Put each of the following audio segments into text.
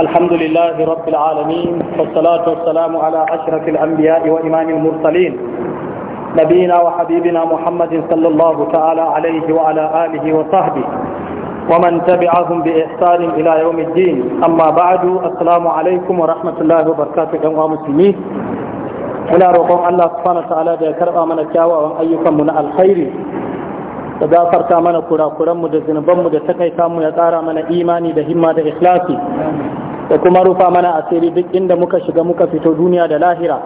الحمد لله رب العالمين والصلاة والسلام على أشرف الأنبياء وإمام المرسلين نبينا وحبيبنا محمد صلى الله تعالى عليه وعلى آله وصحبه ومن تبعهم بإحسان إلى يوم الدين أما بعد السلام عليكم ورحمة الله وبركاته جمع مسلمين إلى رقم الله سبحانه وتعالى ذكر من الجاوة وأن أيكم من الخير da gafarta mana kurakuranmu da zinubanmu da takaita mu ya tsara mana imani da himma da ikhlasi da kuma rufa mana asiri duk inda muka shiga muka fito duniya da lahira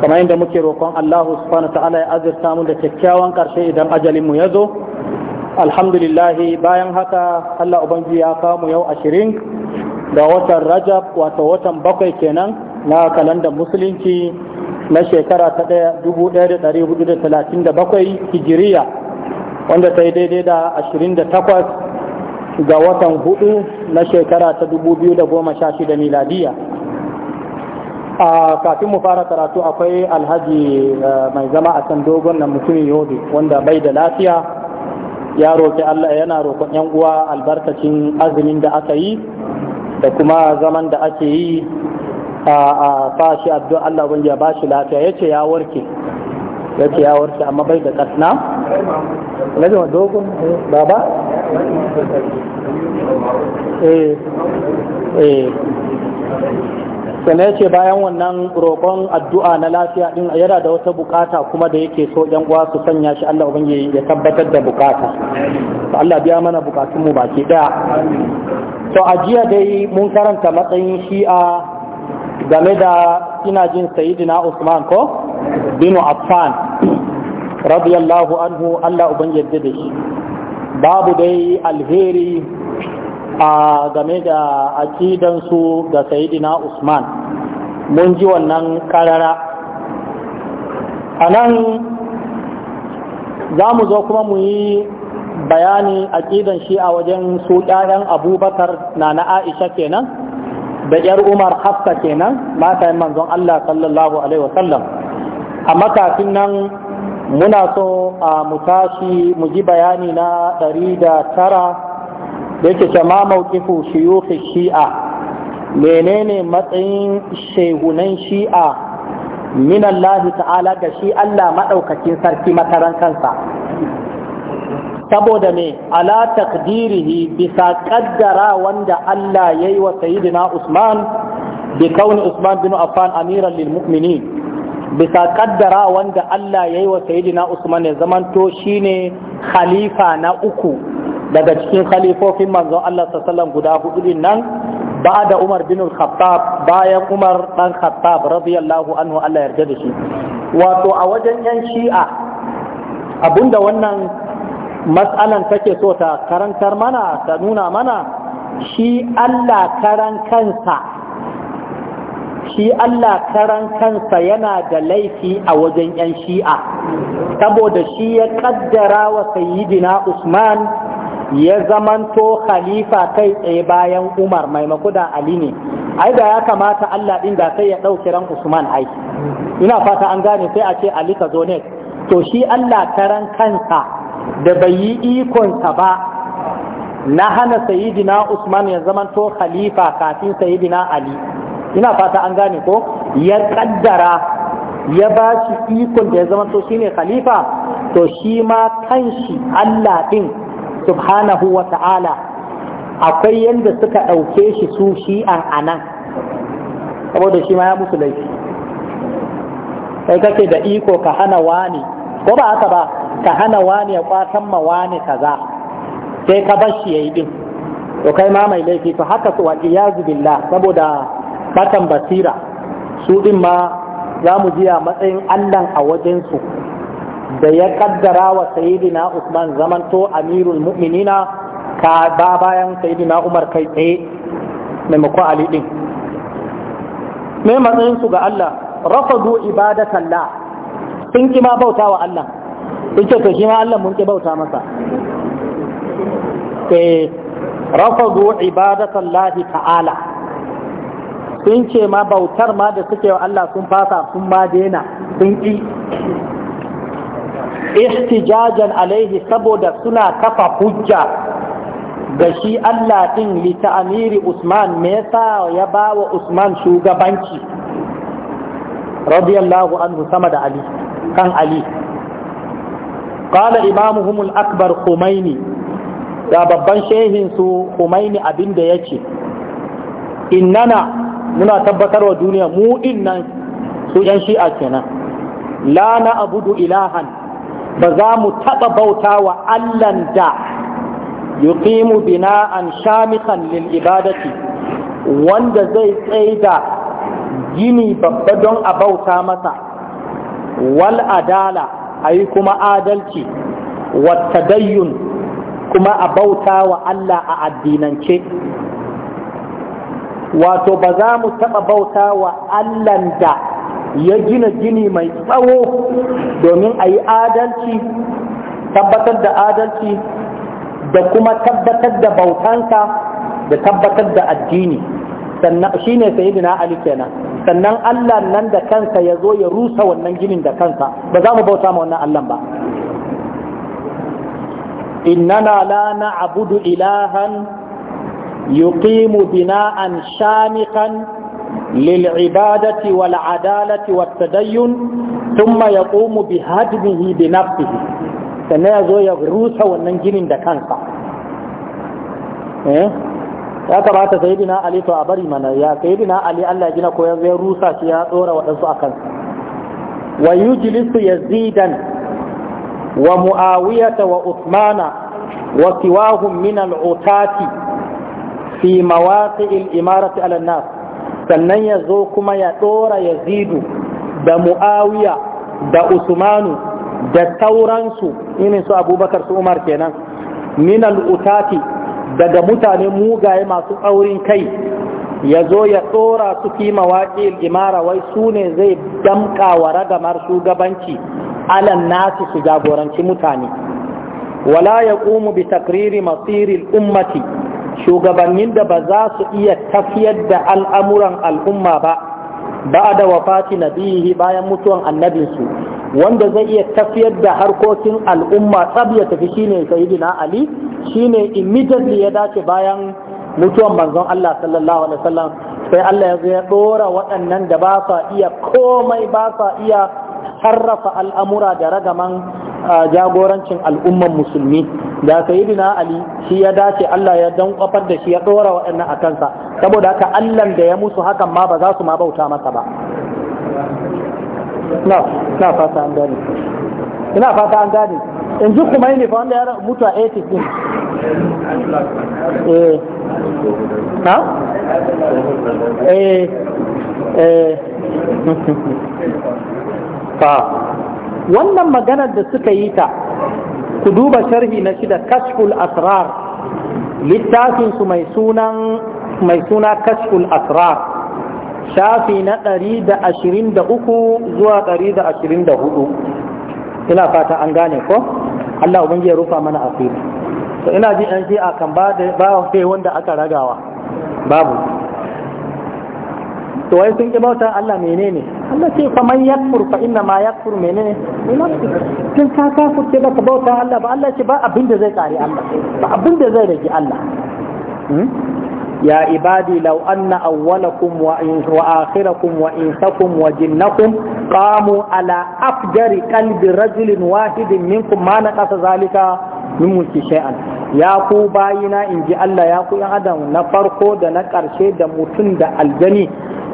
kamar inda muke roƙon Allah subhanahu ta'ala ya azurta mu da kyakkyawan karshe idan ajalin mu ya zo alhamdulillah bayan haka Allah ubangiji ya kawo mu yau ashirin da watan Rajab wato watan bakwai kenan na kalandar musulunci na shekara ta 1437 hijiriya wanda ta yi daidai da 28 ga watan hudu na shekara ta 2016 miladiya a kafin mu fara karatu akwai alhaji eh, mai zama a san dogon na mutumin yobe wanda bai da lafiya ya roƙi Allah yana roƙon yan uwa albarkacin azumin da aka yi da kuma zaman da ake yi a fashi addu'a Allah wanda ya shi lafiya yace ya warke ya warke amma bai da kasna lajima dogon baba eh, eh. sannan ya ce bayan wannan roƙon addu'a na lafiya ɗin yana da wata bukata kuma da yake so ‘yan uwa su sanya shi Allah ubangi ya tabbatar da bukata to Allah biya mana bukatunmu baki ɗaya to a jiya dai mun karanta matsayin shi'a game da ina jin saidina Usman ko binu Affan radiyallahu anhu Allah uban yadda da shi babu dai alheri a game da akidansu ga sayidina Usman mun ji wannan karara a nan za mu zo kuma mu yi bayani akidan shi a wajen su ƴaƴan abubakar na na aisha kenan da ƴar umar hafsa kenan mata manzon Allah sallallahu alaihi wasallam a matafin nan muna so a mu mu ji bayani na ɗari da tara da yake shama mawkifu shiyuhi shi'a menene matsayin shehunan shi'a minallahi ta'ala ga shi Allah maɗaukakin sarki mataran kansa saboda me ala takdirihi bisa kaddara wanda Allah ya yi wa sayyidina Usman bi kauni Usman bin Affan amiran lil mu'minin bisa kaddara wanda Allah ya yi wa Sayyidina Usman ya zamanto shine khalifa na uku daga cikin khalifofin manzo Allah sallallahu guda hudu din nan da Umar bin Khattab bayan Umar dan Khattab radiyallahu anhu Allah yarda da shi wato a wajen yan Shi'a abinda wannan matsalan take so ta karantar mana ta nuna mana shi Allah karan kansa shi Allah karan kansa yana da laifi a wajen 'yan shi'a saboda shi ya kaddara wa sayyidina Usman ya zamanto khalifa kai tsaye bayan Umar maimako da Ali ne ai da ya kamata Allah ɗin da sai ya ɗauki ran Usman ai ina fata an gane sai a ce Ali ka zo ne to shi Allah karan kansa da bai yi ikonsa ba na hana Sayyidina Usman ya zamanto khalifa kafin Sayyidina Ali ina fata an gane ko ya kaddara ya ba shi ikon da ya zama to shine khalifa to shi ma shi Allah din subhanahu wa ta'ala akwai yanda suka ɗauke shi su an anan saboda shi ma ya musu laifi sai kake da iko ka hana wani ko ba haka ba ka hana wani ya kwatan ma wani kaza sai ka bar shi yayi din to kai ma mai laifi to haka su wa iyazu billah saboda batan basira su din ma za mu ji a matsayin allan a wajensu da ya kaddara wa sayidina usman zamanto amirul mu'minina ka ba bayan sayidina umar kai tsaye maimakon ali din me matsayin su ga allah rafadu ibadatallah sun ki ma bauta wa allah sun ce to shi ma allah mun ki bauta masa eh rafadu ibadatallah ta'ala sun ce ma bautar ma da suke wa Allah sun fasa sun ma dena sun ƙi ihtijajan alaihi saboda suna kafa hujja ga shi Allah ɗin lita'amiri Usman me yasa ya ba wa Usman shugabanci radiyallahu anhu sama da Ali kan Ali qala imamuhum al-akbar Khumaini da babban shehin su Khumaini abinda yace innana muna tabbatar wa duniya mu nan su yan shi'a kenan la na abudu ilahan ba za mu taɓa bauta wa allan da yuqimu bina'an shamikan lil ibadati wanda zai tsaida gini babba don a bauta masa wal adala ayi kuma adalci wa tadayyun kuma a bauta wa Allah a addinance wato ba za mu taɓa bauta wa Allahn da ya gina gini mai tsawo domin a yi adalci tabbatar da adalci da kuma tabbatar da bautanka da tabbatar da addini shi ne sayidina Ali kenan sannan Allah nan da kansa ya zo ya rusa wannan ginin da kansa ba za mu bauta ma wannan Allah ba innana la na'budu ilahan يقيم بناء شامخا للعبادة والعدالة والتدين ثم يقوم بهدمه بنفسه سنعزو يغروس والننجين دكانسا إيه؟ ya kamata sayyidina ali to a bari mana ya sayyidina ali Allah ya gina ko zai rusa shi ya tsora waɗansu a kansa wa yujlisu yazidan wa muawiyata wa usmana wa siwahum min al-utati fi mawaqi'il imarati ala nas sannan ya zo kuma ya dora yazidu da muawiya da usmanu da Tauransu, irin su abubakar su umar kenan min utati daga mutane mugaye masu aurin kai ya zo ya tsora su fi mawaƙi imara wai su ne zai damƙa wa ragamar shugabanci alan nasu su jagoranci mutane wala ya ƙumu bi takriri masiril ummati shugabannin da ba za su iya tafiyar da al'amuran al'umma ba ba da wafati nabihi bayan mutuwan annabinsu wanda zai iya tafiyar da harkokin al'umma tsab ya tafi shine na ali shine immediately ya dace bayan mutuwan manzon Allah sallallahu alaihi wasallam sai Allah ya zo ya dora waɗannan da ba sa iya komai ba sa iya sarrafa al'amura da ragaman jagorancin al'umman musulmi da yi bina ali shi ya dace Allah ya dan kwafar da shi ya dora waɗannan a kansa saboda haka Allah da ya musu hakan ma ba za su ma bauta masa ba na fata an gane ina fata an gane in ji kuma ne fa wanda ya mutu a 80 din eh eh eh wannan maganar da suka yi ta ku duba sharhi na shida kashful asrar littafin su mai sunan mai suna kashful asrar shafi na 123 zuwa 124 ina fata an gane ko Allah ubangiji ya rufa mana asiri to ina ji an ji kan ba da ba wanda aka ragawa babu to wai sun ƙi bauta Allah menene Allah ce fa man yakfur fa inna ma yakfur menene tun ka kafur ce baka bauta Allah ba Allah ce ba abin da zai kare Allah ba abin da zai rage Allah hmm? ya ibadi law anna awwalakum wa wa akhirakum wa insakum wa jinnakum qamu ala afjari qalbi rajulin wahidin minkum ma naqasa zalika min mulki shay'an ya ku bayina in ji Allah ya ku yan adam na farko da na ƙarshe da mutum da aljani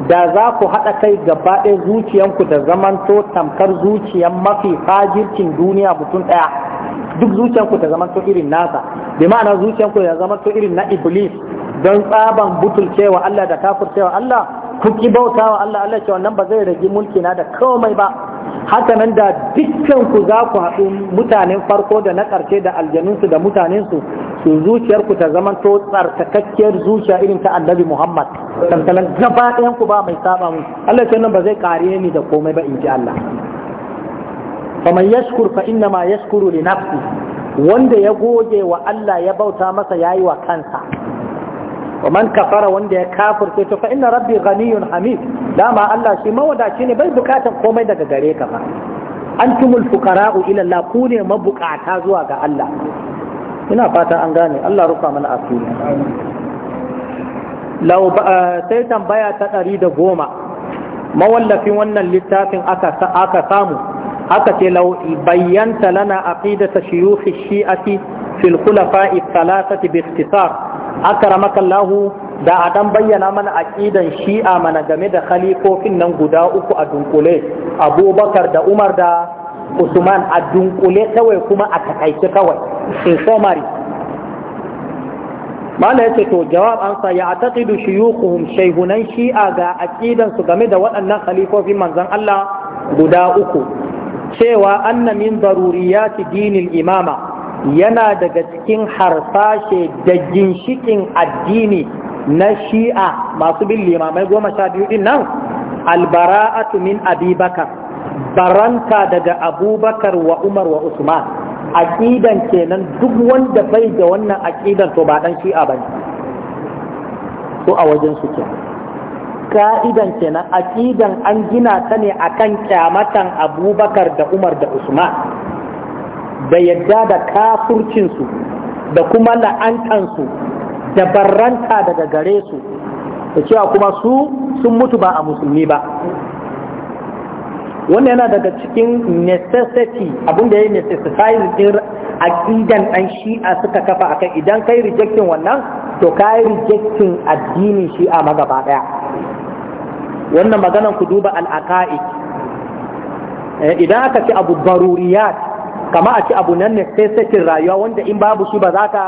da za ku haɗa kai gaba ɗaya zuciyanku da zamanto tamkar zuciyan mafi fajircin duniya mutum ɗaya duk zuciyanku da zamanto irin nasa bi ma'ana zuciyanku ya zamanto irin na iblis don tsaban butulcewa Allah da kafircewa Allah ku ki bauta wa Allah Allah cewa nan ba zai rage mulki na da komai ba haka nan da dukkan ku za ku haɗu mutanen farko da na ƙarshe da aljanunsu da mutanensu su zuciyarku ta zama to tsarkakakkiyar zuciya irin ta annabi Muhammad tantalan gaba ɗayan ku ba mai saba mu Allah ya nan ba zai kare ni da komai ba in ji Allah man yashkur fa inna ma yashkuru li nafsi wanda ya goge wa Allah ya bauta masa yayi wa kansa wa kafara wanda ya kafirce to fa inna rabbi ghaniyun hamid dama Allah shi mawadaci ne bai bukatan komai daga gare ba antumul fuqara'u ila Allah ku ne mabukata zuwa ga Allah ina fata an gane Allah rufa mana asiri eh, sai tambaya ta ɗari da goma mawallafin wannan littafin aka samu aka ce law bayyanta lana aqidata shuyukh shi'ati fil khulafa'i thalathati bi ikhtisar Lahu, da a ɗan bayyana mana aqidan shi'a mana game da khalifofin nan guda uku a dunkule abubakar da umar da usman a dunkule kawai kuma a takaice kawai in summary mala yace to jawab an sa ya shuyukhum shayhunan shi'a ga aqidan su game da waɗannan khalifofin manzan Allah guda uku cewa anna min daruriyati dinil imama yana daga cikin harsashe da ginshikin addini na shi'a masu bin limamai goma sha biyu din nan albara'atu min abubakar baranta daga abubakar wa umar wa usman aƙidan kenan duk wanda bai da wannan aƙidan to ba dan shi'a ba ne so a wajen su ke ka'idan kenan aƙidan an gina ta ne akan kyamatan abubakar da umar da usman da yadda da kafurcinsu da kuma la'antansu da barranta daga gare su da cewa kuma su sun mutu ba a musulmi ba wannan yana daga cikin necessity abinda ya yi necessitize din aqidan ɗan shi'a suka kafa akan idan kai rejectin wannan to kai rejectin addinin shi'a ma gaba wannan maganan ku duba al'aka'i eh, idan aka ce abu baruriyat kama a ci abu nan ne sai sakin rayuwa wanda in babu shi ba za ka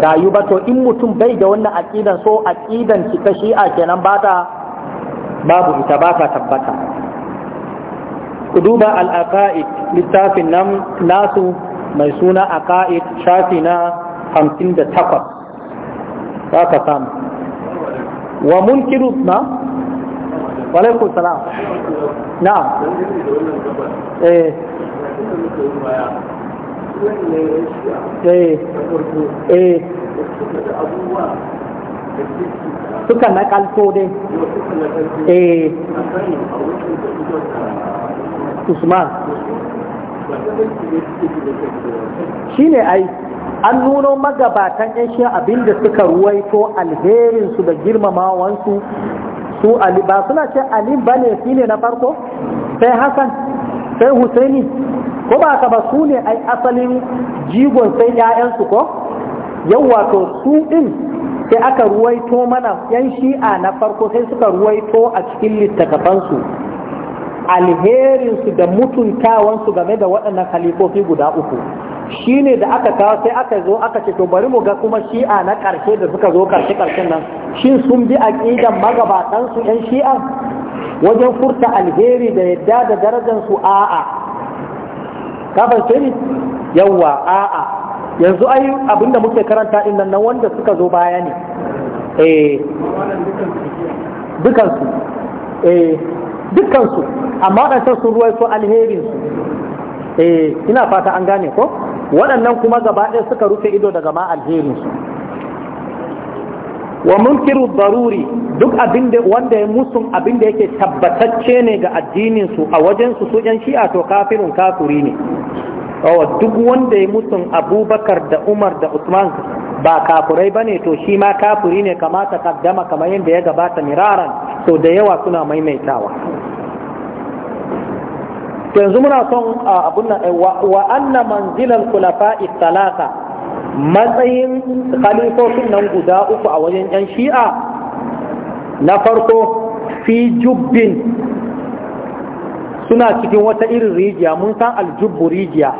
rayu ba to in mutum bai da wannan aqidan so aqidan shi ta shi'a kenan ba ta babu ita ba ta tabbata ku duba al-aqaid littafin nan nasu mai suna aqaid shafi na 58 za ka samu wa munkiru na wa alaikum salam na'am eh suka eh. eh. suka nakalto dai eh usman shi ne ai an nuno magabatan yan shi abinda suka ruwaito alherinsu da girmamawansu su ali ba suna ce ali bane shi ne na farko sai hasan sai husaini ko ba ka ba su ne ai asalin jigon sai 'ya'yansu ko yau wato su ɗin sai aka ruwaito mana yan shi'a na farko sai suka ruwaito a cikin littattafansu alherinsu da mutuntawansu game da waɗannan halifofi guda uku shi ne da aka kawo sai aka zo aka ce to bari mu ga kuma shi'a na ƙarshe da suka zo ƙarshe ƙarshen nan shin sun bi a aƙidan magabatansu yan shi'a wajen furta alheri da yadda da darajarsu a'a ka ni Yawa a'a yanzu ai abinda muke karanta din nan wanda suka zo baya ne eh dukansu eh dukansu amma waɗancan sun ruwaito alherinsu eh ina fata an gane ko waɗannan kuma gaba ɗaya suka rufe ido daga ma alherinsu wa munkiru daruri duk abin da wanda ya musun abin da yake tabbatacce ne ga addinin su a wajen su su yan shi'a to kafirun kafiri ne wa duk wanda ya musun abubakar da umar da usman ba kafurai bane to shi ma kafiri ne kamata kaddama kamar yadda ya gabata miraran to da yawa suna maimaitawa yanzu muna son abun nan wa anna manzilal khulafa'i talata matsayin khalifofin nan guda uku a wajen 'yan shi'a na farko fi jubbin suna cikin wata irin rijiya mun san aljubbu rijiya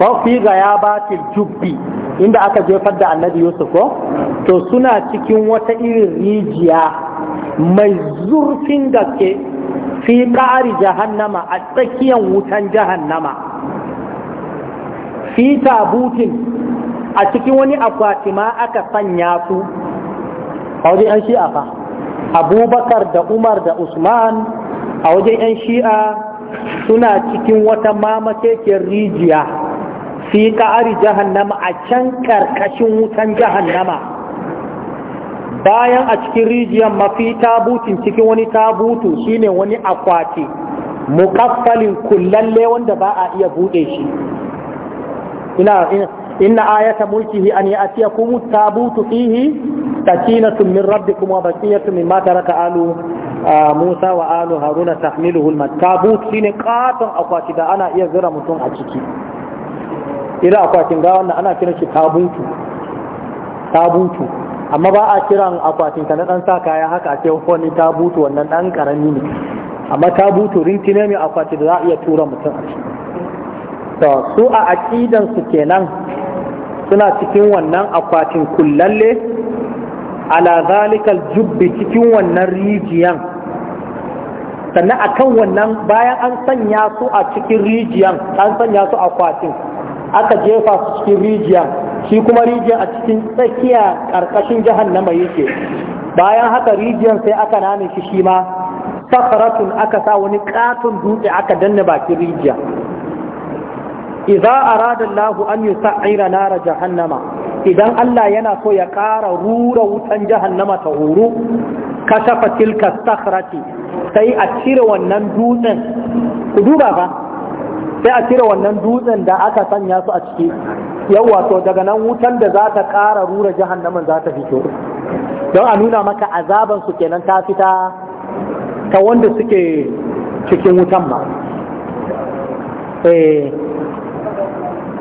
ko fi ga ya batil jubbi inda aka jefar da annabi yusuf ko to suna cikin wata irin rijiya mai zurfin gaske fi ƙari jahannama a tsakiyar wutan jahannama fi tabutin a cikin wani akwati ma aka sanya su a wajen 'yan shi'a fa abubakar da umar da usman a wajen 'yan shi'a suna cikin wata mamakekiyar rijiya fi ka'ari jahannama a can ƙarƙashin wutan jahannama bayan a cikin rijiyar mafi tabutin cikin wani tabutu shine wani akwati mukaffalin kullalle wanda ba a iya buɗe shi inna ayata mulkihi an ya'tiyakum tabutu fihi sakinatun min rabbikum wa baqiyatun mimma taraka alu Musa wa alu Haruna tahmiluhu al tabut shine katon akwati da ana iya zira mutum a ciki ira akwatin ga wannan ana kiran shi tabutu tabutu amma ba a kiran akwatin ka na dan sa kaya haka ce wani tabutu wannan dan karami ne amma tabutu rintine mai akwati da za a iya tura mutum a ciki to su a aqidan su kenan suna cikin wannan akwatin kullalle ala zalikal jubbi cikin wannan rijiyan sannan akan wannan bayan an sanya su a cikin rijiyan an sanya su akwatin aka jefa su cikin rijiyan shi kuma rijiyan a cikin tsakiya ƙarƙashin jahannama yake bayan haka rijiyan sai aka nane shi shi ma sakaratun aka sa wani katon dutse aka danna bakin rijiyan. idza arada Allahu an yusa'ira nar jahannama idan Allah yana so ya kara rura wutan jahannama ta huru kashafa tilka sakhrati sai a cire wannan dutsen da aka sanya su a ciki yau wato daga nan wutan da zata kara rura jahannaman za ta fito don a nuna maka azaban su kenan ta fita ta wanda suke cikin wutan ma eh,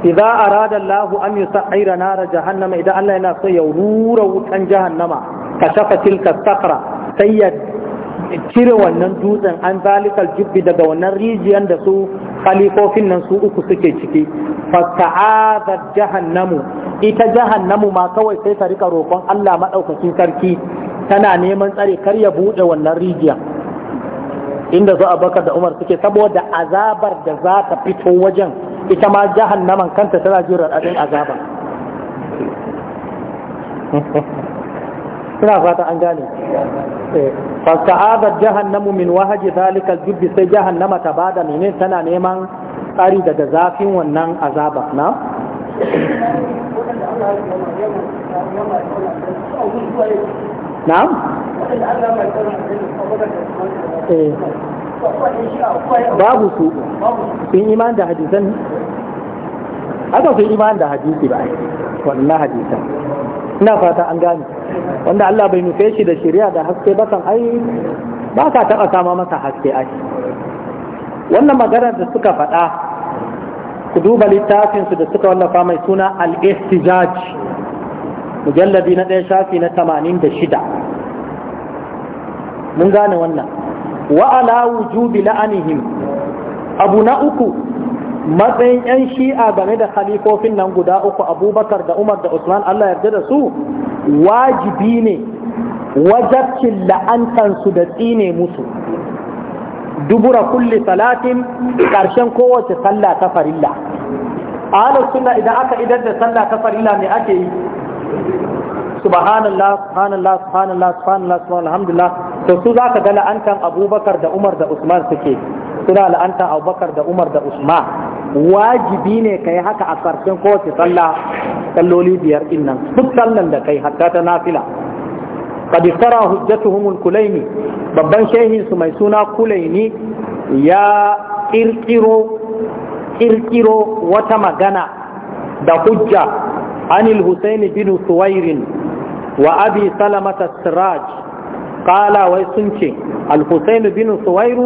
idza arada Allah an yusahira nar jahannama idan Allah yana so ya rura wutan jahannama kashafa tilka sakra sai ya cire wannan dutsen an zalikal jubbi daga wannan rijiyar da su kalifofin nan su uku suke ciki fata'adar jahannamu ita jahannamu ma kawai sai ta rika roƙon Allah maɗaukakin sarki tana neman tsare kar ya buɗe wannan rijiya inda su baka da umar suke saboda azabar da za ta fito wajen ita ma jahannaman kanta tana jin raɗaɗin azaba ina fata an gane fasta'adat jahannamu min wahaji zalika aljubb sai jahannama ta bada mene tana neman tsari daga zafin wannan azaba na babu su sun iman da hadisan aka sun iman da hadisi ba wannan hadisan ina fata an gane wanda Allah bai nufe shi da shari'a da haske ba kan ai ba ka taɓa sama masa haske ai wannan magana da suka faɗa ku duba littafinsu da suka wallafa mai suna al-istijaj mujalladi na ɗaya shafi na tamanin da shida mun gane wannan wa ala wujubi la'anihim abu na uku matsayin yan shi'a game da khalifofin nan guda uku abubakar da umar da usman allah yarda da su wajibi ne wajabcin su da tsine musu dubura kulli salatin ƙarshen kowace sallah ta farilla ahlus sunna idan aka idar da sallah ta farilla me ake yi subhanallah subhanallah subhanallah subhanallah subhanallah alhamdulillah to su za ka ga la'antan abubakar da umar da usman suke suna la'antan abubakar da umar da usman wajibi ne ka yi haka a karshen kowace sallah salloli biyar din nan duk sallan da kai hatta ta nafila qad iftara hujjatuhum kulaini babban shehin su mai suna kulaini ya kirkiro kirkiro wata magana da hujja anil husaini bin suwairin wa abi salamata siraj qala wai sun ce al bin suwairu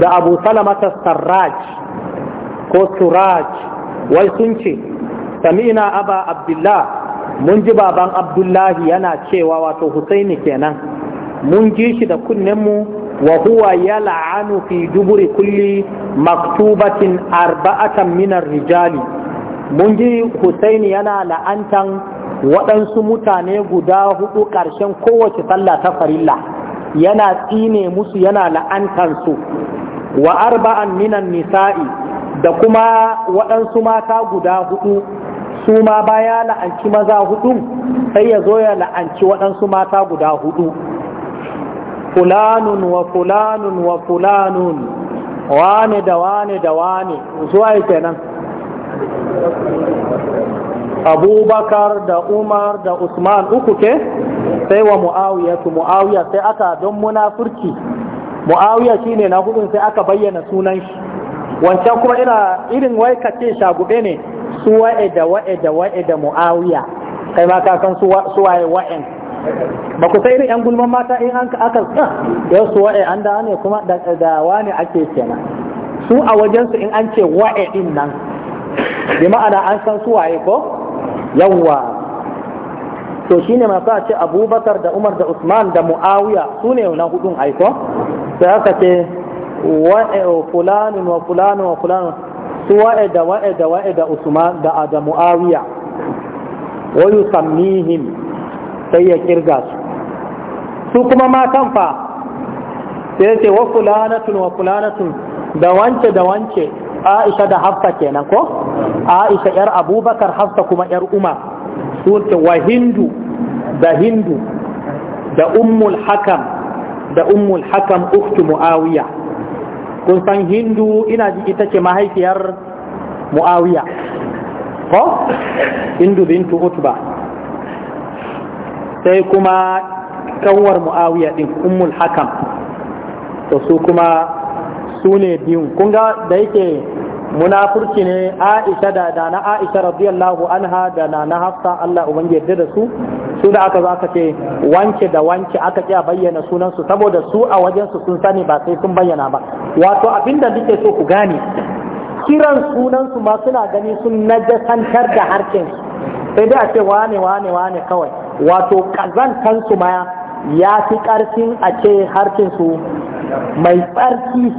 da abu salamata sarraj ko suraj wai sun ce sami'na aba abdullah mun ji baban abdullahi yana cewa wato husaini kenan mun ji shi da kunnenmu wa ya yal'anu fi duburi kulli maktubatin arba'atan minar rijali mun ji husaini yana la'antan waɗansu mutane guda huɗu ƙarshen kowace sallah ta farilla yana tsine musu yana la'antansu wa arba'an minan nisa'i da kuma waɗansu mata guda hudu su ma baya la'anci maza hudu sai ya zo ya la'anci waɗansu mata guda hudu fulanun wa fulanun wa fulanun wane da wane da wane zuwa kenan abubakar da umar da usman uku ke sai wa mu'awiya su mu'awiya sai aka don munafurki, mu'awiya shine na hudun sai aka bayyana sunan shi wancan kuma ina irin wai ce shagube ne su wa'e da wa'e da wa'e da mu'awiya kai ma ka san su waye wa'en ba ku sai irin yan gulman mata in an aka ah, yau su wa'e an da ne kuma da wani ake kenan su a wajensu in an ce wa'e din nan bi ma'ana an san su waye ko yawwa to shi ne masu ce abubakar da umar da usman da muawiya su ne na hudun aiko sai aka ce fulanin wa fulanin wa fulanin su wa'e da wa'e da wa'e da usman da da muawiya wa sammihin sai ya kirga su su kuma matan fa sai ce wa fulanatun wa fulanatun da wance da wance Aisha da Hafsa kenan ko Aisha yar Abubakar Hafsa kuma yar Umar ce wa Hindu da hindu da ummul hakam da ummul hakam uktu muawiya kun san hindu ina ji ita ce mahaifiyar muawiya ko hindu bintu utba sai kuma ƙanwar muawiya din ummul hakam to su kuma sune ne biyun kun ga da yake munafurci ne Aisha da da na Aisha radiyallahu anha da na na Hafsa Allah ubangi yadda da su su da aka zo aka ce wanke da wanke aka ce a bayyana sunan su saboda su a wajen su sun sani ba sai sun bayyana ba wato abinda nake so ku gane kiran sunan su ma suna gani sun najasantar da harkin sai dai a ce wane wane wane kawai wato kazantan su ma ya fi karfin a ce harkin su mai tsarki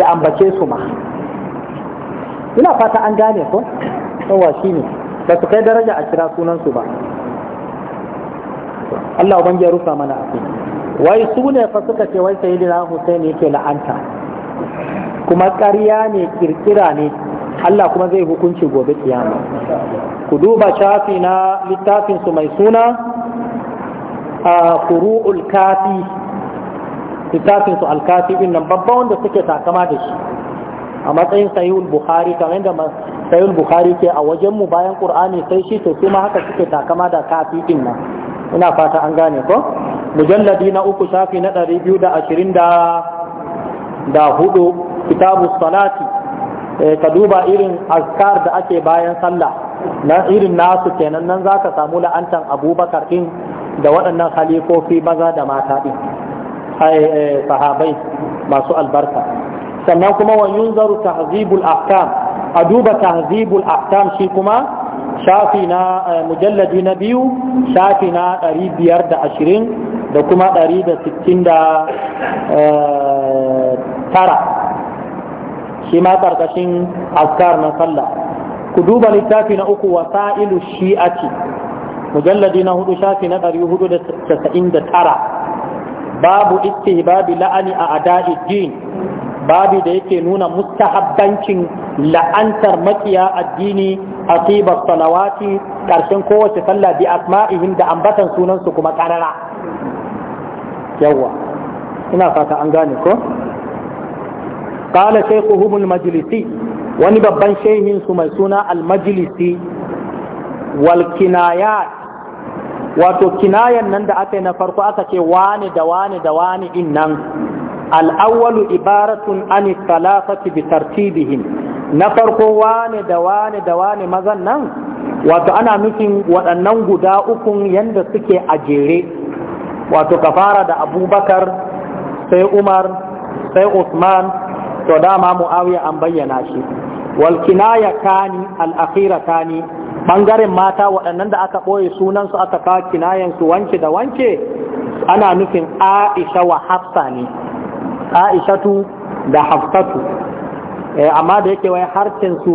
ya ambace su ma ina fata an gane ko yawa shi ne ba su kai daraja a kira sunansu ba Allah ban ya rufa mana a wai su ne fa suka ce wai sayyidina Hussein yake la'anta kuma ƙarya ne kirkira ne Allah kuma zai hukunci gobe kiyama ku duba shafi na littafin su mai suna a furu'ul kafi littafin su alkafi din nan babban wanda suke takama da shi a matsayin sayul bukhari kamar da sayul bukhari ke a wajen mu bayan qur'ani sai shi to kuma haka suke takama da kafikin nan ina fata an gane ko mujalladi na uku shafi na 224 da ashirin da hudu kitabu salati eh, ka duba irin azkar da ake bayan sallah na irin nasu kenan nan zaka samu la'antan abubakar din da waɗannan halifofi maza da mata ɗin eh, sahabai masu albarka sannan kuma wa yunzaru tahzibul ahkam a duba tahzibul ahkam shi kuma shafi na eh, mujalladi na biyu shafi na biyar da ashirin da kuma da da sittin eh, tara. shi ma karkashin askar na sallah ku duba littafi na uku wasa'ilu shi'ati mujalladi na hudu shafi na hudu da tara, babu istihbabi la'ani a ada'i din babi da yake nuna mustahabbancin la'antar makiya addini a tibar salawati ƙarshen kowace sallah bi asma'ihim da ambatan sunansu kuma ƙarara yawa ina fata an gane ko qala shaykhuhum al-majlisi wani babban shehin su mai suna al-majlisi wal kinayat wato kinayan nan da aka yi na farko aka ce wani da wani da wani in nan al'awwalu ibaratun an talafati bi tartibihim na farko wane da wane da wane mazan nan wato ana nufin waɗannan guda ukun yanda suke a jere wato ka fara da abubakar sai umar sai usman to dama mu'awiya an bayyana shi walkinaya kani al'akhira kani ɓangaren mata waɗannan da aka ɓoye sunansu aka kawo kinayensu wance da wance ana nufin aisha wa hafsa ne aishatu da hafsatu eh, amma da yake wai harcin su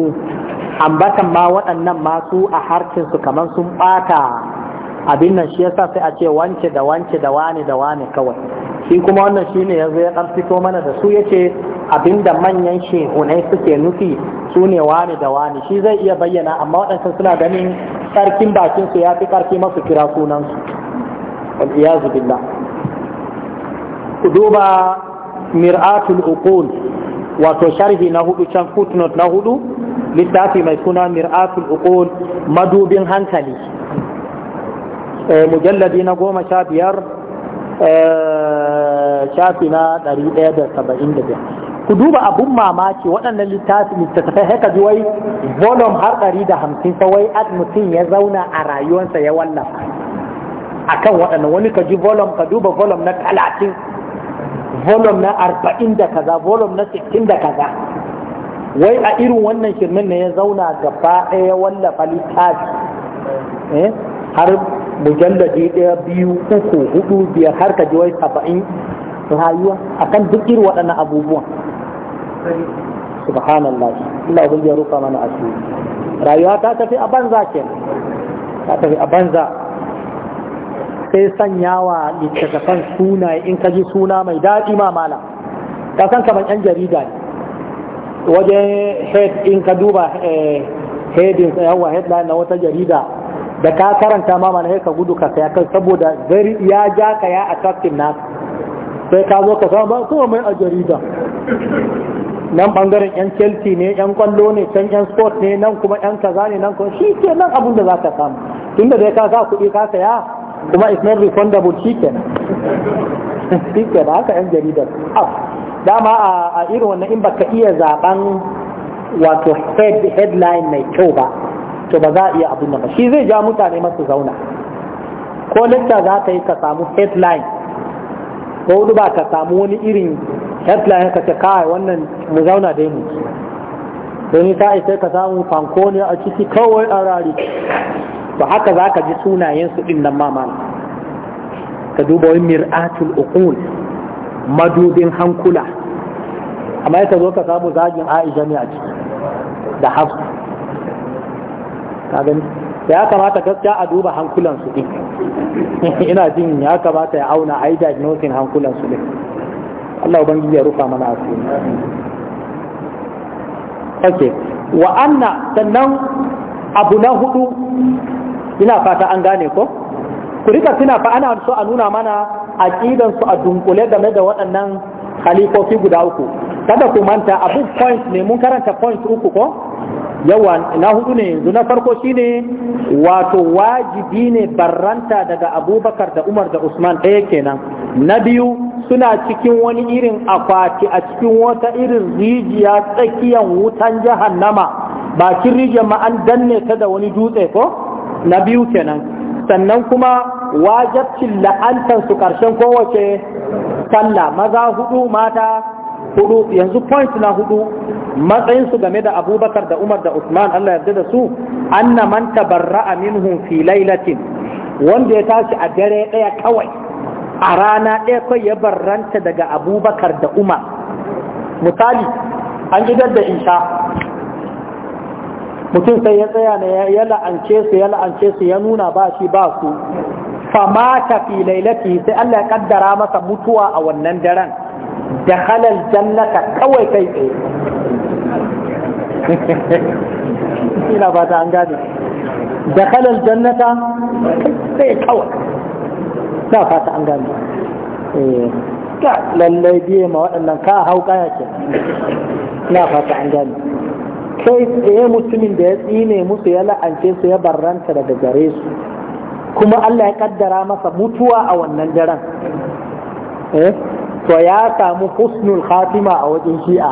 ambatan ma waɗannan masu a harcin su kamar sun ɓata abin nan shi yasa sai a ce wance da wance da wane da wane kawai shi kuma wannan ne yanzu ya ko mana da su ya yace abinda manyan shehunai suke nufi su ne wane da wane shi zai iya bayyana amma waɗansu suna ganin ƙarfin bakin su ya fi ƙarfi masu kira sunansu wal ku duba mir'atul uqul wato sharhi na hudu can footnote na hudu littafi mai suna mir'atul uqul madubin hankali mujalladi na goma sha biyar shafi na ɗari ɗaya da saba'in da biyar ku duba abun mamaki waɗannan littafi littattafai haka ji wai volum har ɗari da hamsin sa wai ad mutum ya zauna a rayuwarsa ya wallafa akan waɗannan wani ka ji volum ka duba volum na talatin volume na arba'in da kaza volume na sittin da kaza wai a irin wannan shirmin ne ya zauna gaba ɗaya wallafa littafi eh? har mujalladi ɗaya biyu uku hudu biyar har ka ji wai saba'in rayuwa akan duk irin waɗannan abubuwan subhanallah Allah ubangiji ya rufa mana asiri rayuwa ta tafi a banza kenan ta tafi a banza sai sanyawa littattafan sunaye in ka ji suna mai daɗi ma mala ka san kamar yan jarida ne wajen head in ka duba eh, headings yawa headline na wata jarida da ka karanta ma mana ka gudu ka saya kai saboda ya ja ka ya attractive na sai ka zo ka sama kuma mai a jarida nan bangaren yan chelsea ne yan kwallo ne can yan sport ne nan kuma yan kaza ne nan kuma shi ke nan abin da za ka samu tunda da ya ka sa kuɗi ka saya kuma is not refundable chicken ba haka yan jaridar ah, dama a irin wannan in baka iya zaben wato headline mai kyau ba to ba za a iya abin ba shi zai ja mutane masu zauna ko lecture za ka yi ka samu headline ko wani ba ka samu wani irin headline ka ce kawai wannan mu zauna dai mu don ta sai ka samu fanko ne a ciki kawai a rari to haka za ka ji sunayensu ɗin nan mamala ka duba wani mir'atul uqul madubin hankula amma ya ka zo ka samu zagin aisha ne a ciki da hafsu ka gani ya kamata gaskiya a duba hankulan su ɗin ina jin ya kamata ya auna a yi diagnosing hankulan su ɗin Allah ubangiji ya rufa mana asiri okay wa anna sannan abu na hudu ina fata an gane ko ku rika tuna fa ana so a nuna mana aqidan su a dunkule game da waɗannan khalifofi guda uku kada ku manta abu point ne mun karanta point uku ko yawa na hudu ne yanzu na farko shine wato wajibi ne barranta daga abubakar da umar da usman ɗaya kenan na biyu suna cikin wani irin akwati a cikin wata irin rijiya tsakiyar wutan jahannama bakin rijiyar ma an danne ta da wani dutse ko na biyu kenan sannan kuma wajabcin la'antar su ƙarshen kowace sallah maza hudu mata hudu yanzu point na hudu Matsayinsu game da abubakar da umar da usman allah yarda da su an anna barra barra minhum filai latin, wanda ya tashi a dare ɗaya kawai a rana ɗaya kawai ya barranta daga abubakar da umar misali an gidan da insha mutum sai ya tsaya ne ya la'ance su ya la'ance su ya nuna ba shi ba su famata fi lailati sai Allah ya kaddara masa mutuwa a wannan daren da halal jannata kawai kai tsaye ina ba ta an gane da halal jannata sai kawai na fata an gane lallai biye ma waɗannan ka hau kaya ke na fata an gane kai tsaye mutumin da ya tsine musu ya la'ance su ya barranta daga gare su kuma Allah ya kaddara masa mutuwa a wannan daren eh? to ya samu husnul khatima a wajen shi'a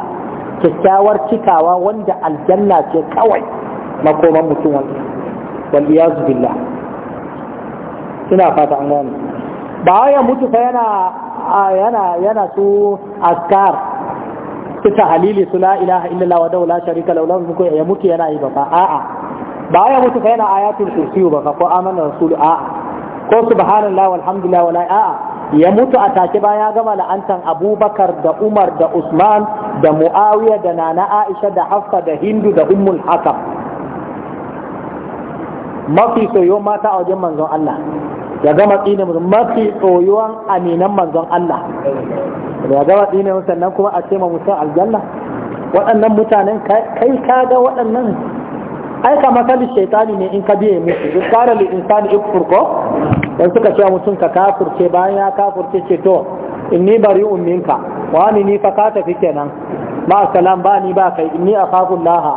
kyakkyawar cikawa wanda aljanna ce kawai makoman mutum wanda billah Suna fata an gane ba ya mutu yana yana yana su askar su tahalili su la ilaha illallah wa daula sharika laulan muku ya mutu yana yi ba fa a'a ba ya mutu fa yana ayatul kursi ba fa ko amana rasulu a'a ko subhanallah walhamdulillah wala a'a ya mutu a take bayan ya gama la'antan abubakar da umar da usman da muawiya da nana aisha da hafsa da hindu da ummul hakam mafi soyo mata a wajen manzon Allah ya gama tsine mu mafi tsoyuwan aminan manzon Allah ya gama tsine mu sannan kuma a ce ma musu aljanna waɗannan mutanen kai ka ga waɗannan ai ka masali shaitani ne in ka biye musu duk kare li insani ikfur ko dan suka ce mutum ka kafurce bayan ya kafurce ce to inni bari'un minka wani ni fa ka tafi kenan ba salam ba ni ba kai inni akhafu laha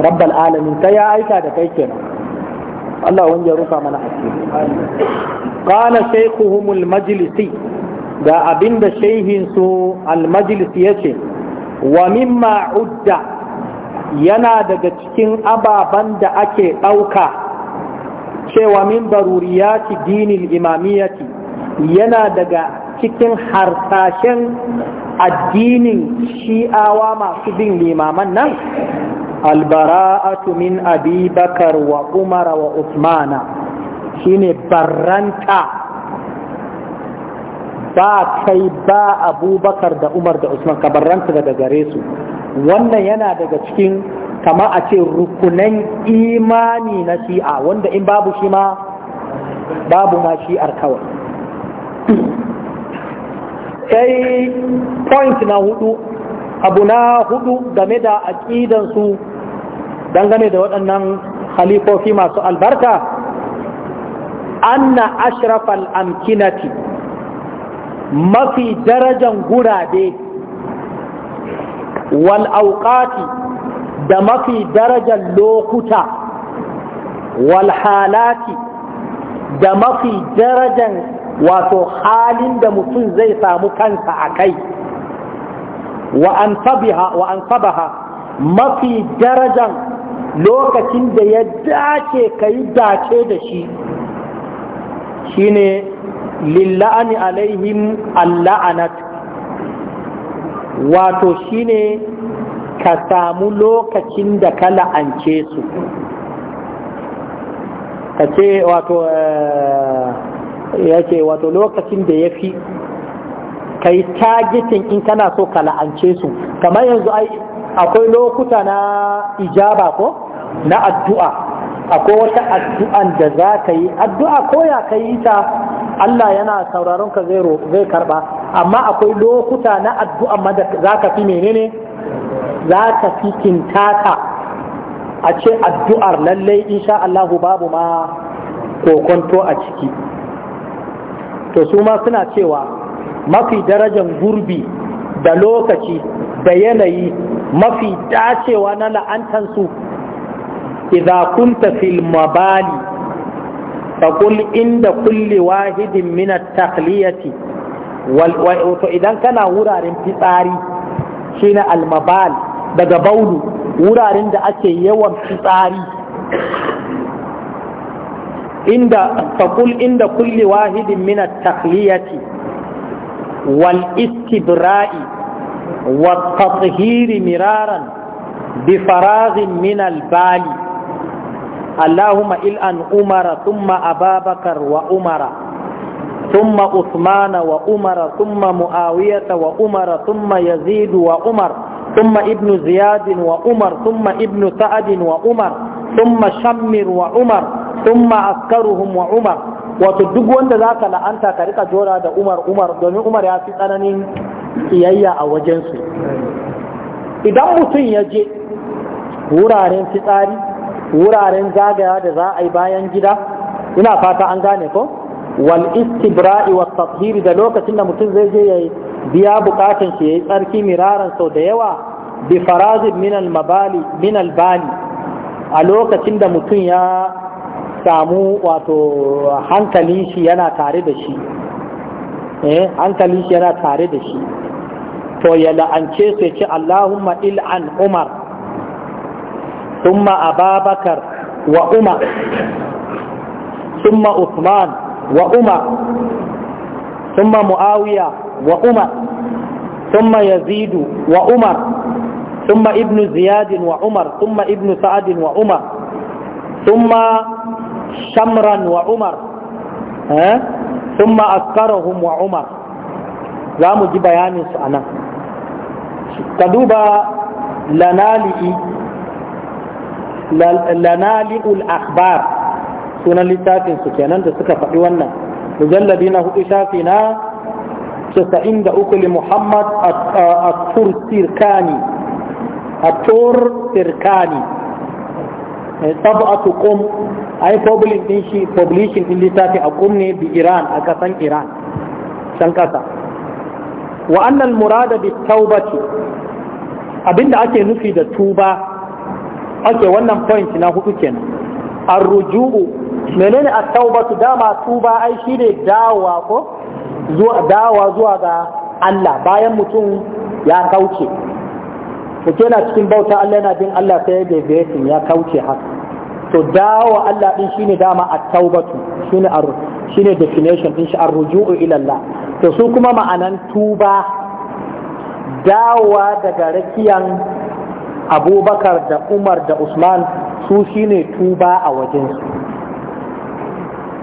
rabbal alamin ta ya aika da kai kenan Allah wani ya rufa mana asiri sai ku humul majlisi da abinda da su al ya yace wa mimma udda yana daga cikin ababen da ake ɗauka cewa min baruriyati dinil imamiyati yana daga cikin harsashen addinin shi'awa masu bin limaman nan albara'atu min abi bakar wa umara wa usmana shine baranta ba kai ba abubakar da umar da usman ka baranta daga gare su wannan yana daga cikin kama a ce rukunan imani na shi'a wanda in babu shi ma babu ma shi'ar kawai sai point na hudu abu na hudu game da aƙidansu dangane da waɗannan halifofi masu albarka anna ashrafal amkinati mafi darajan gurabe wal auqati da mafi darajan lokuta wal halati da mafi darajan wato halin da mutum zai samu kansa a kai wa an sabaha mafi darajan lokacin da ya dace ka yi dace da shi shine lilla'ani alaihim alla'anat wato shine ka samu lokacin da ka la'ance su ka ce wato eh, ya ce wato lokacin da ya fi ka yi in kana so ka la'ance su kamar yanzu akwai lokuta na ijaba ko na addu'a akwai wata addu'an da za ka yi addu'a ko ya ka yi ta Allah yana sauraron ka zai karba amma akwai lokuta na addu'a ma da za ka fi menene za ka fi kintaka a ce addu'ar lallai insha Allah babu ma kokonto a ciki to su ma suna cewa mafi darajan gurbi da lokaci da yanayi mafi dacewa na la'antansu idza kunta fil mabali faqul inda kulli wahidin min at-takhliyati wal idan kana wuraren fitsari shine al-mabal daga baulu wuraren da ake yawan fitsari inda faqul inda kulli wahidin min at-takhliyati والاستبراء والتطهير مرارا بفراغ من البال اللهم أن أمر ثم أبا بكر وأمر ثم عثمان وأمر ثم معاوية وأمر ثم يزيد وأمر ثم ابن زياد وأمر ثم ابن سعد وأمر ثم شمر وأمر thumma askaruhum wa umar wato duk wanda zaka la'anta ka rika jora da umar umar domin umar ya fi tsananin iyayya a wajensu idan mutum ya je wuraren fitsari wuraren zagaya da za a yi bayan gida ina fata an gane ko wal istibra'i wa tathiri da lokacin da mutum zai je yayi biya bukatun shi yayi tsarki miraran sau da yawa bi farazin min al mabali min al bani a lokacin da mutum ya samu wato hankali shi yana tare da shi eh hankali shi yana tare da shi to ya la'ance su ce Allahumma il'an Umar thumma Ababakar wa Umar thumma Uthman wa Umar thumma Muawiya wa Umar thumma Yazid wa Umar thumma Ibn Ziyad wa Umar thumma Ibn Sa'ad wa Umar thumma shamran wa umar eh? thumma askarahum wa umar za mu ji bayanin su a nan. ka duba lanali'ul akhbar sunan littafin kenan da suka faɗi wannan mujalladi na hudu shafi na 93 li muhammad at-tur sirkani at-tur eh, ai public din shi publishing din littafi a kumne bi Iran a kasan Iran san kasa wa annal murada bi tawbati abinda ake nufi da tuba ake wannan point na hudu kenan ar-ruju'u menene at-taubatu dama tuba ai shine dawa ko zuwa dawa zuwa ga Allah bayan mutum ya kauce mutum yana cikin bauta Allah yana bin Allah sai ya ya kauce haka to dawo Allah din shine dama at-taubatu shine ar shine definition din shi ar-ruju'u ila Allah to su kuma ma'anan tuba dawowa daga rakiyan Abubakar da Umar da Usman su shine tuba a wajen su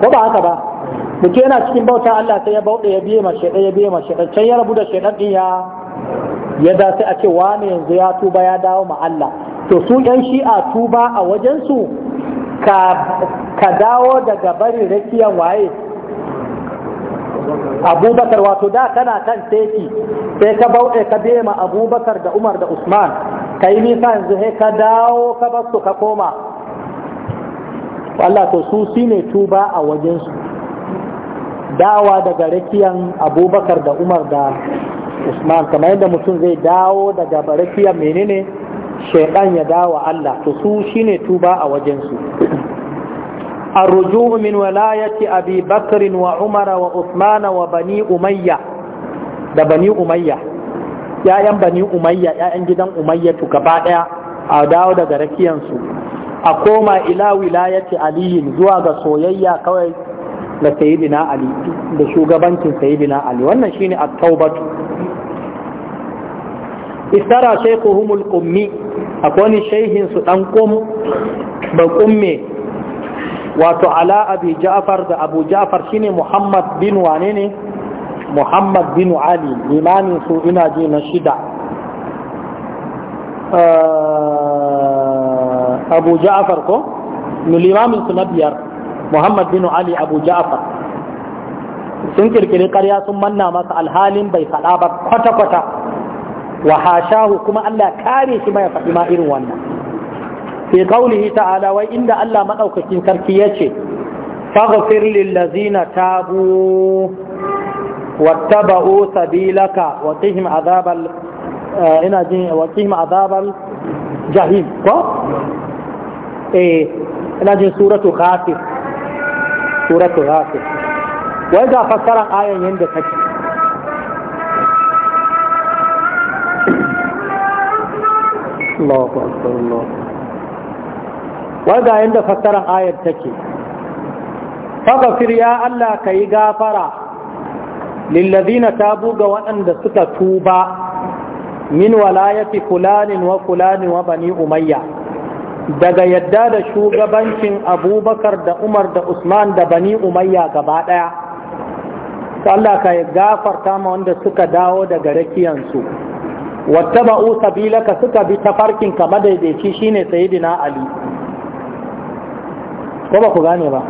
ko ba haka ba muke yana cikin bauta Allah sai ya bauɗe ya biye ma ya biye ma can ya rabu da shaidan din ya ya da sai a ce wane yanzu ya tuba ya dawo ma Allah to su yan shi'a tuba a wajen su ka dawo daga bari rakiyan waye abubakar wato da kana kan teki sai ka bauɗe ka ma abubakar da umar da usman ka yi nisa yanzu sai ka dawo ka basu ka koma Allah to su shi ne tuba a wajensu dawa daga rakiyan abubakar da umar da usman kamar yadda mutum zai dawo daga rakiyan menene shaidan ya dawo Allah to su shi ne tuba a wajensu الرجوع من ولاية أبي بكر وعمر وعثمان وبني أمية ده بني أمية يا أم بني أمية يا أم جدا أمية كبائع أداو ده دركيانسو أقوم إلى ولاية علي زواج سويا كوي da sayidina Ali da shugabancin sayidina Ali wannan shine at-taubatu istara shaykhuhum al-qummi akwai shehin su dan qum ba qumme wato ala abi ja'far da abu ja'far shine muhammad bin wane ne muhammad bin ali limamin su ina ji na shida eh, abu ja'far ko limamin su na biyar muhammad bin ali abu ja'far sun kirkiri karya sun manna masa alhalin bai faɗa ba kwata-kwata wa hashahu kuma allah kare shi mai faɗi ma irin wannan في قوله تعالى وإن دا الله مدوك تنكر كيشي فاغفر للذين تابوا واتبعوا سبيلك وقهم عذاب ال... آه، وقهم عذاب الجهيم و إيه سورة غافر سورة غافر وإذا فسر آية يندفك الله أكبر الله أكبر wanda yadda fassarar ayar take faghfir ya Allah ka yi gafara lillazina tabu buga waɗanda suka tuba min walayati kulanin wa kulanin wa bani umayya daga yadda da shugabancin abubakar da umar da usman da bani umayya gaba ɗaya Allah ka gafarta ma wanda suka dawo daga rakiyansu wata ba'u sabilaka suka bi tafarkin ka madaidaici shine sayidina ali ko ba ku gane ba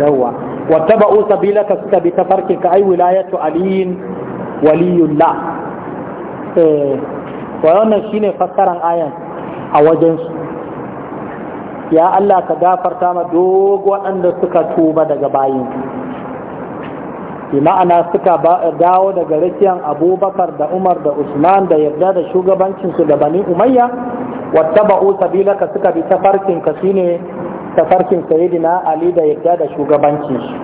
yawwa sabilaka suka bi farkin ka ai wilayatu aliyin waliyullah eh wannan shine fassaran ayan a wajen su ya Allah ka gafarta ma dogo waɗanda suka tuba daga bayin bi ma'ana suka dawo daga rakiyan abubakar da umar da usman da yarda da shugabancinsu da bani umayya wattaba'u sabilaka suka bi tafarkin ka shine tafarkin sayidina ali da yadda da shugabancin shi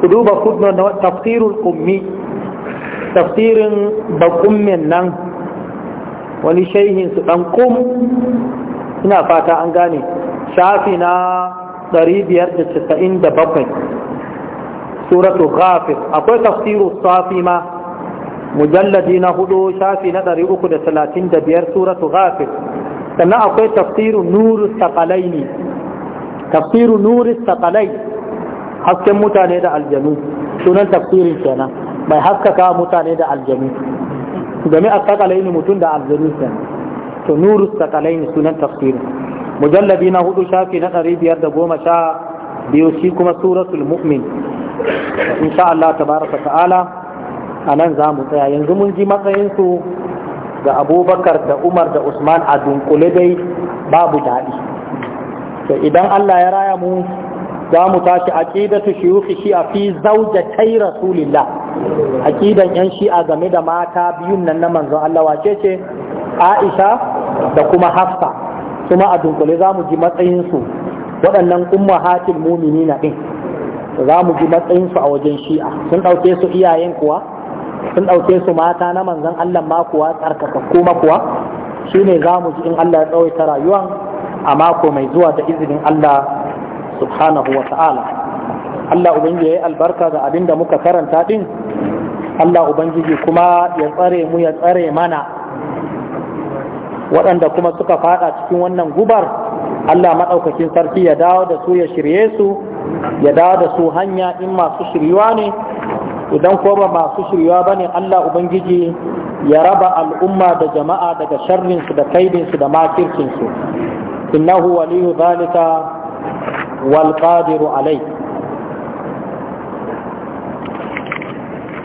ku duba kudno na tafsirul ummi tafsirin bakummin nan wani shaihin su dan kum ina fata an gane shafi na 597 suratu ghafir akwai tafsiru safi ma mujalladi na hudu shafi na 335 suratu ghafir sannan akwai tafsiru nuru saƙalai ne tafsiru nuru saƙalai hasken mutane da aljanu sunan tafsirin kenan mai haskaka mutane da aljanu game a saƙalai ne mutum da aljanu kenan to nuru saƙalai ne sunan tafsirin mujallabi na hudu shafi na ɗari biyar da goma sha biyu shi kuma suratul mu'min insha Allah tabaraka ta'ala a nan za mu tsaya yanzu mun ji matsayin su. ga abubakar da umar da usman a dunkule dai babu daɗi to idan allah ya raya mu za mu tashi a aqidatu shi shi'a fi kai rasulillah ƙidan yan shi'a game da mata biyun nan na manzon Allah wace ce Aisha da kuma Hafsa kuma a dunkule za mu ji waɗannan waɗannan hatin mumini mu'minina din za mu ji matsayinsu a wajen shi'a sun ɗauke su iyayen kuwa sun ɗauke su mata na manzan Allah ma kuwa tsarkaka kuma kuwa shi ne za mu ji in Allah ya ta rayuwan a mako mai zuwa da izinin Allah subhanahu wa ta'ala Allah ubangiji ya yi albarka ga abin da muka karanta din Allah ubangiji kuma ya tsare mu ya tsare mana waɗanda kuma suka fada cikin wannan gubar Allah maɗaukakin sarki ya dawo da su ya shirye su ya dawo da su hanya in masu shiryuwa ne idan ko ba masu shiryuwa ba ne Allah Ubangiji ya raba al'umma da jama'a daga sharrinsu da kaidinsu da makircinsu innahu waliyu zalika wal qadiru alai